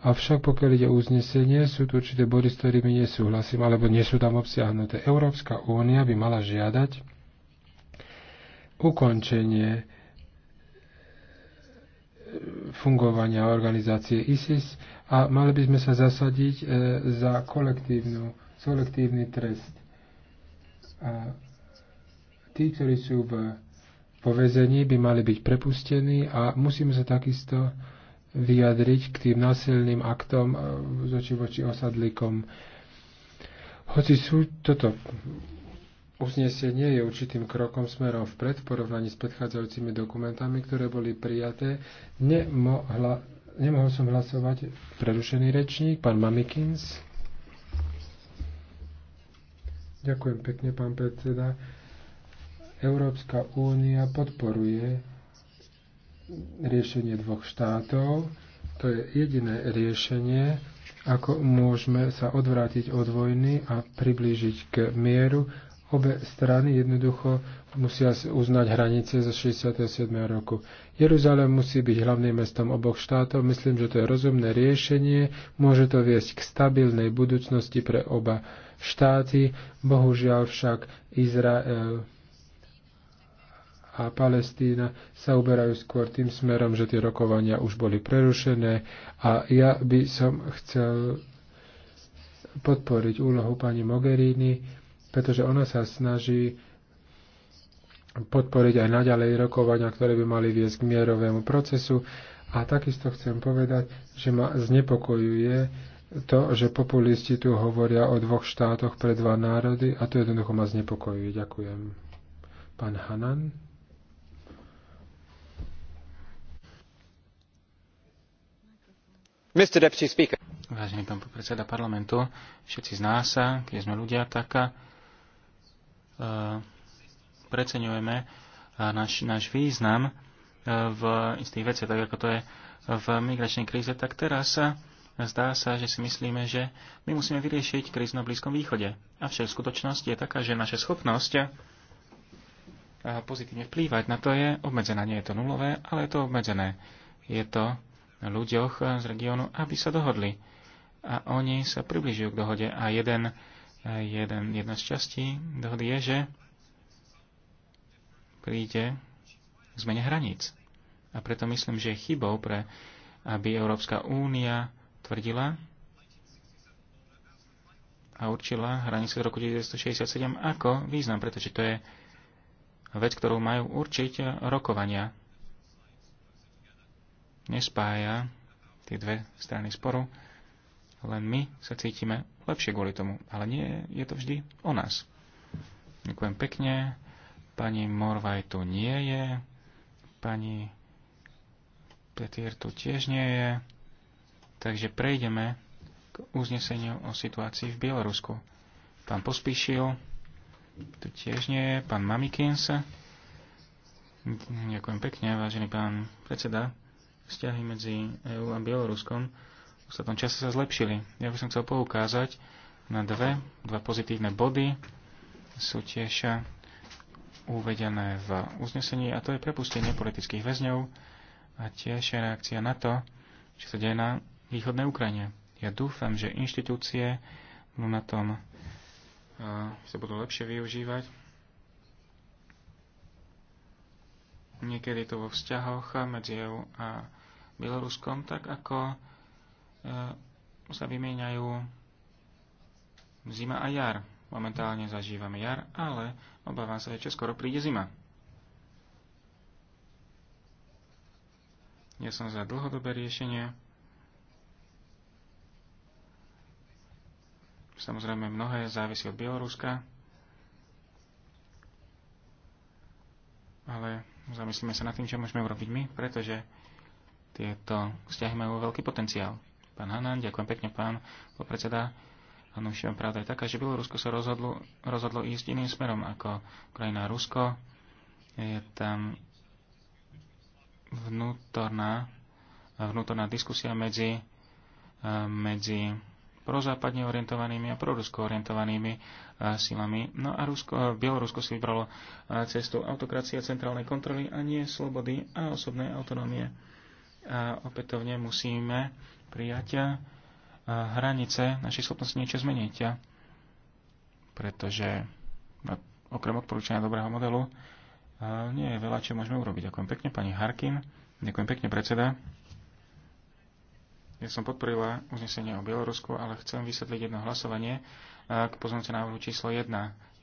Avšak pokiaľ ide o uznesenie, sú tu určité body, s ktorými nesúhlasím, alebo nie sú tam obsiahnuté. Európska únia by mala žiadať ukončenie e, fungovania organizácie ISIS a mali by sme sa zasadiť e, za kolektívnu, kolektívny trest. A tí, ktorí sú v povezení, by mali byť prepustení a musíme sa takisto vyjadriť k tým násilným aktom e, zoči voči osadlíkom. Hoci sú toto uznesenie je určitým krokom smerom vpred v porovnaní s predchádzajúcimi dokumentami, ktoré boli prijaté, nemohla, nemohol som hlasovať prerušený rečník, pán Mamikins. Ďakujem pekne, pán predseda. Európska únia podporuje riešenie dvoch štátov. To je jediné riešenie, ako môžeme sa odvrátiť od vojny a priblížiť k mieru. Obe strany jednoducho musia uznať hranice zo 67. roku. Jeruzalem musí byť hlavným mestom oboch štátov. Myslím, že to je rozumné riešenie. Môže to viesť k stabilnej budúcnosti pre oba štáty. Bohužiaľ však Izrael a Palestína sa uberajú skôr tým smerom, že tie rokovania už boli prerušené a ja by som chcel podporiť úlohu pani Mogherini, pretože ona sa snaží podporiť aj naďalej rokovania, ktoré by mali viesť k mierovému procesu. A takisto chcem povedať, že ma znepokojuje to, že populisti tu hovoria o dvoch štátoch pre dva národy a to jednoducho ma znepokojuje. Ďakujem. Pán Hanan. Vážený pán predseda parlamentu, všetci z nás, keď sme ľudia, tak uh, preceňujeme eh, náš, náš význam eh, v istých veciach, tak ako to je v migračnej kríze, tak teraz sa zdá sa, že si myslíme, že my musíme vyriešiť krízu na Blízkom východe. Avšak skutočnosť je taká, že naša schopnosť pozitívne vplývať na to je obmedzená. Nie je to nulové, ale je to obmedzené. Je to ľuďoch eh, z regiónu, aby sa dohodli. A oni sa približujú k dohode. A jeden, eh, jeden, jedna z častí dohody je, že príde k zmene hraníc. A preto myslím, že je chybou pre, aby Európska únia tvrdila a určila hranice z roku 1967 ako význam, pretože to je vec, ktorú majú určiť rokovania nespája tie dve strany sporu, len my sa cítime lepšie kvôli tomu. Ale nie je to vždy o nás. Ďakujem pekne. Pani Morvaj tu nie je. Pani Petier tu tiež nie je. Takže prejdeme k uzneseniu o situácii v Bielorusku. Pán Pospíšil tu tiež nie je. Pán Mamikins. Ďakujem pekne, vážený pán predseda vzťahy medzi EÚ a Bieloruskom v ostatnom čase sa zlepšili. Ja by som chcel poukázať na dve, dva pozitívne body. Sú tiež uvedené v uznesení a to je prepustenie politických väzňov a tiež reakcia na to, čo sa deje na východnej Ukrajine. Ja dúfam, že inštitúcie budú na tom sa budú lepšie využívať. Niekedy je to vo vzťahoch medzi EU a Bieloruskom, tak ako e, sa vymieňajú zima a jar. Momentálne zažívame jar, ale obávam sa, že skoro príde zima. Ja som za dlhodobé riešenie. Samozrejme, mnohé závisí od Bieloruska, ale zamyslíme sa nad tým, čo môžeme urobiť my, pretože tieto vzťahy majú veľký potenciál. Pán Hanan, ďakujem pekne, pán podpredseda. Áno, všem pravda je taká, že Bielorusko sa rozhodlo, rozhodlo ísť iným smerom ako krajina Rusko. Je tam vnútorná, vnútorná diskusia medzi, eh, medzi prozápadne orientovanými a prorusko orientovanými eh, silami. No a Rusko, Bielorusko si vybralo eh, cestu autokracie, centrálnej kontroly a nie slobody a osobnej autonómie a opätovne musíme prijať hranice našej schopnosti niečo zmeniť. Pretože no, okrem odporúčania dobrého modelu nie je veľa, čo môžeme urobiť. Ďakujem pekne, pani Harkin. Ďakujem pekne, predseda. Ja som podporila uznesenie o Bielorusku, ale chcem vysvetliť jedno hlasovanie k pozornosti návrhu číslo 1.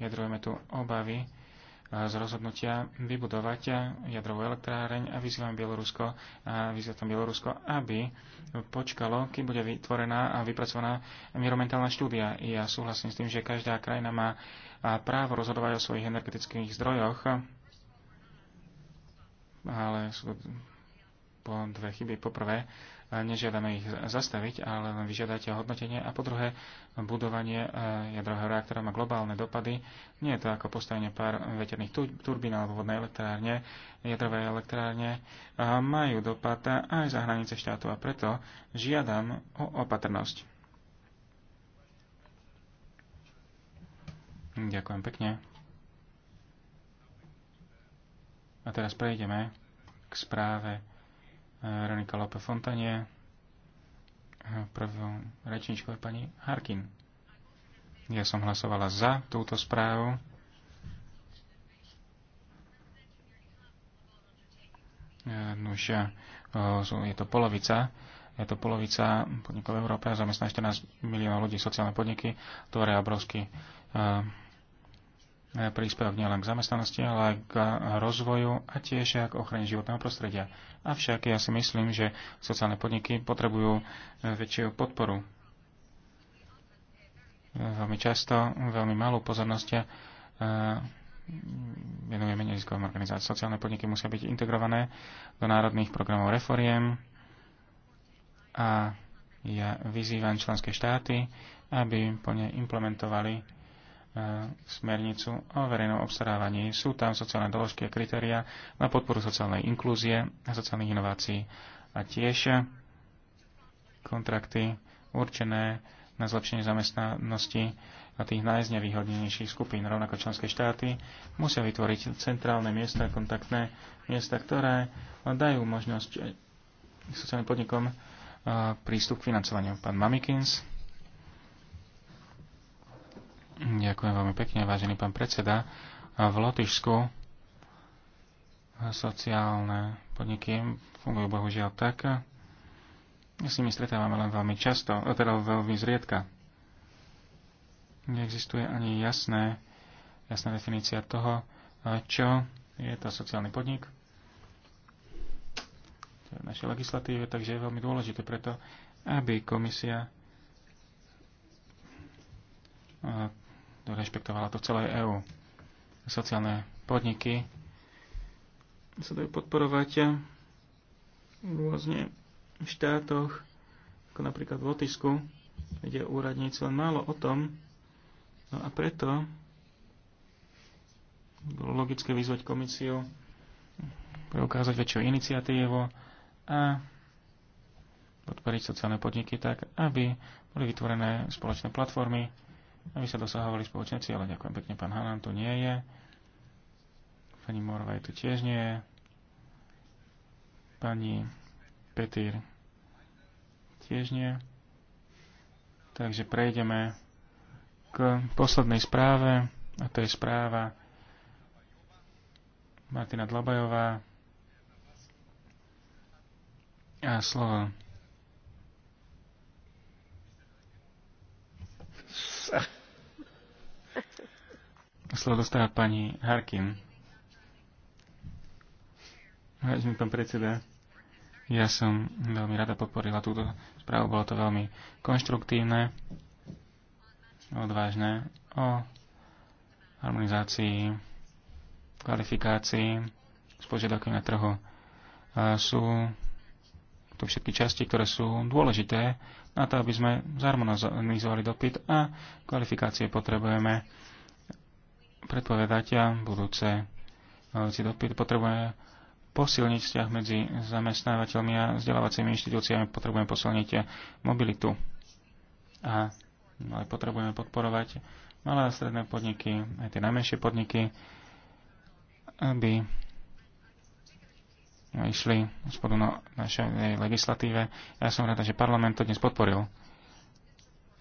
Jadrujeme tu obavy, z rozhodnutia vybudovať jadrovú elektráreň a vyzývam Bielorusko, a vyzývam Bielorusko, aby počkalo, kým bude vytvorená a vypracovaná environmentálna štúdia. Ja súhlasím s tým, že každá krajina má právo rozhodovať o svojich energetických zdrojoch, ale sú po dve chyby. Poprvé, nežiadame ich zastaviť, ale len vyžiadate hodnotenie. A po druhé, budovanie e, jadrového reaktora má globálne dopady. Nie je to ako postavenie pár veterných turbín alebo vodnej elektrárne. Jadrové elektrárne majú dopad aj za hranice štátu a preto žiadam o opatrnosť. Ďakujem pekne. A teraz prejdeme k správe Ronika Lope Fontanie, prvou rečničkou je pani Harkin. Ja som hlasovala za túto správu. Nuž, eh, je to polovica, je to polovica podnikov v Európe a zamestná 14 miliónov ľudí sociálne podniky, tvoria obrovský eh, E, príspevok nielen k zamestnanosti, ale aj k rozvoju a tiež aj k ochrane životného prostredia. Avšak ja si myslím, že sociálne podniky potrebujú e, väčšiu podporu. E, veľmi často, veľmi malú pozornosť venujeme neziskovým organizáciám. Sociálne podniky musia byť integrované do národných programov reforiem a ja vyzývam členské štáty, aby po ne implementovali E, smernicu o verejnom obstarávaní. Sú tam sociálne doložky a kritéria na podporu sociálnej inklúzie a sociálnych inovácií a tiež kontrakty určené na zlepšenie zamestnanosti na tých najznevýhodnenejších skupín. Rovnako členské štáty musia vytvoriť centrálne miesta, kontaktné miesta, ktoré dajú možnosť sociálnym podnikom e, prístup k financovaniu. Pán Mamikins. Ďakujem veľmi pekne, vážený pán predseda. V Lotyšsku sociálne podniky fungujú bohužiaľ tak, s nimi stretávame len veľmi často, teda veľmi zriedka. Neexistuje ani jasné, jasná definícia toho, čo je to sociálny podnik. To je v našej legislatíve, takže je veľmi dôležité preto, aby komisia rešpektovala to celé EÚ. Sociálne podniky sa dajú podporovať rôzne v štátoch, ako napríklad v Lotisku, kde úradníci len málo o tom, no a preto bolo logické vyzvať komisiu, preukázať väčšiu iniciatívu a podporiť sociálne podniky tak, aby boli vytvorené spoločné platformy, aby sa dosahovali spoločné ciele. Ďakujem pekne, pán Hanan tu nie je. Pani Morvaj tu tiež nie je. Pani Petýr tiež nie. Takže prejdeme k poslednej správe, a to je správa Martina Dlabajová. A slovo Slovo dostáva pani Harkin. Vážený pán predseda, ja som veľmi rada podporila túto správu. Bolo to veľmi konštruktívne, odvážne o harmonizácii, kvalifikácii s požiadavkami na trhu. Sú tu všetky časti, ktoré sú dôležité na to, aby sme zharmonizovali dopyt a kvalifikácie potrebujeme predpovedať budúce si dopyt potrebuje posilniť vzťah medzi zamestnávateľmi a vzdelávacími inštitúciami, potrebujeme posilniť mobilitu. A ale potrebujeme podporovať malé a stredné podniky, aj tie najmenšie podniky, aby išli spodu na našej legislatíve. Ja som rada, že parlament to dnes podporil.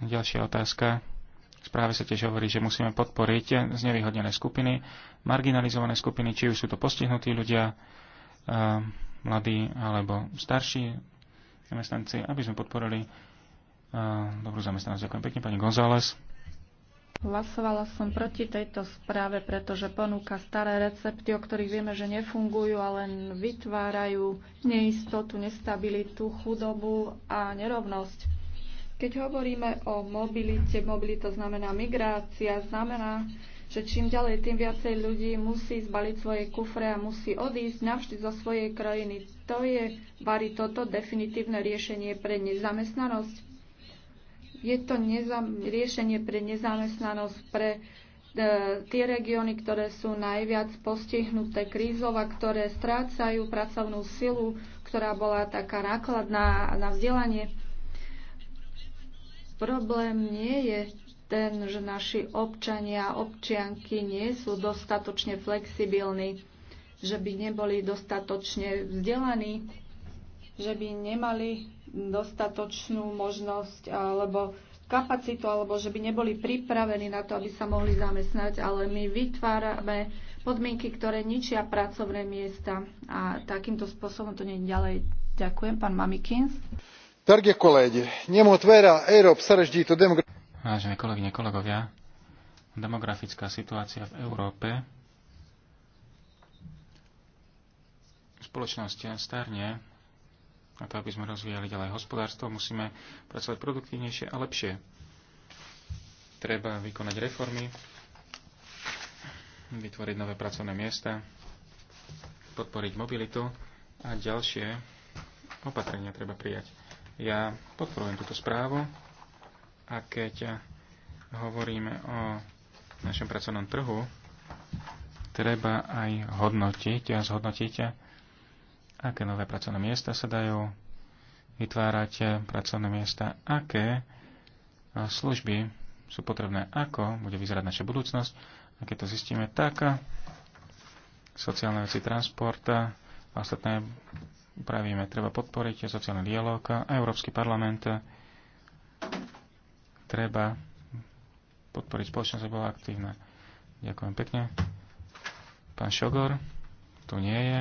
Ďalšia otázka správe sa tiež hovorí, že musíme podporiť znevýhodnené skupiny, marginalizované skupiny, či už sú to postihnutí ľudia, eh, mladí alebo starší zamestnanci, aby sme podporili eh, dobrú zamestnanosť. Ďakujem pekne, pani González. Hlasovala som proti tejto správe, pretože ponúka staré recepty, o ktorých vieme, že nefungujú ale len vytvárajú neistotu, nestabilitu, chudobu a nerovnosť keď hovoríme o mobilite, mobilita znamená migrácia, znamená, že čím ďalej, tým viacej ľudí musí zbaliť svoje kufre a musí odísť navždy zo svojej krajiny. To je, bari toto definitívne riešenie pre nezamestnanosť. Je to nezam- riešenie pre nezamestnanosť pre e, tie regióny, ktoré sú najviac postihnuté krízov a ktoré strácajú pracovnú silu, ktorá bola taká nákladná na vzdelanie. Problém nie je ten, že naši občania a občianky nie sú dostatočne flexibilní, že by neboli dostatočne vzdelaní, že by nemali dostatočnú možnosť alebo kapacitu, alebo že by neboli pripravení na to, aby sa mohli zamestnať, ale my vytvárame podmienky, ktoré ničia pracovné miesta a takýmto spôsobom to nie ďalej. Ďakujem, pán Mamikins. Vážené kolegyne, kolegovia, demografická situácia v Európe spoločnosť starne na to, aby sme rozvíjali ďalej hospodárstvo, musíme pracovať produktívnejšie a lepšie. Treba vykonať reformy, vytvoriť nové pracovné miesta, podporiť mobilitu a ďalšie opatrenia treba prijať. Ja podporujem túto správu a keď hovoríme o našom pracovnom trhu, treba aj hodnotiť a zhodnotiť, aké nové pracovné miesta sa dajú vytvárať, pracovné miesta, aké služby sú potrebné, ako bude vyzerať naša budúcnosť. A keď to zistíme, tak sociálne veci, transporta a ostatné upravíme. Treba podporiť sociálny dialog a Európsky parlament treba podporiť spoločnosť, aby bola aktívna. Ďakujem pekne. Pán Šogor tu nie je.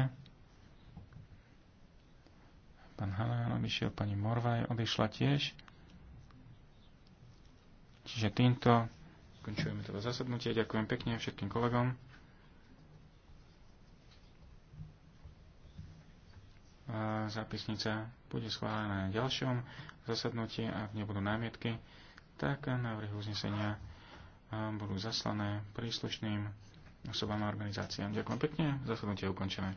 Pán Halán odišiel, pani Morvaj odišla tiež. Čiže týmto končujeme toto zasadnutie. Ďakujem pekne všetkým kolegom. zápisnica bude schválená na ďalšom zasadnutí, ak nebudú námietky, tak návrhy uznesenia budú zaslané príslušným osobám a organizáciám. Ďakujem pekne, zasadnutie je ukončené.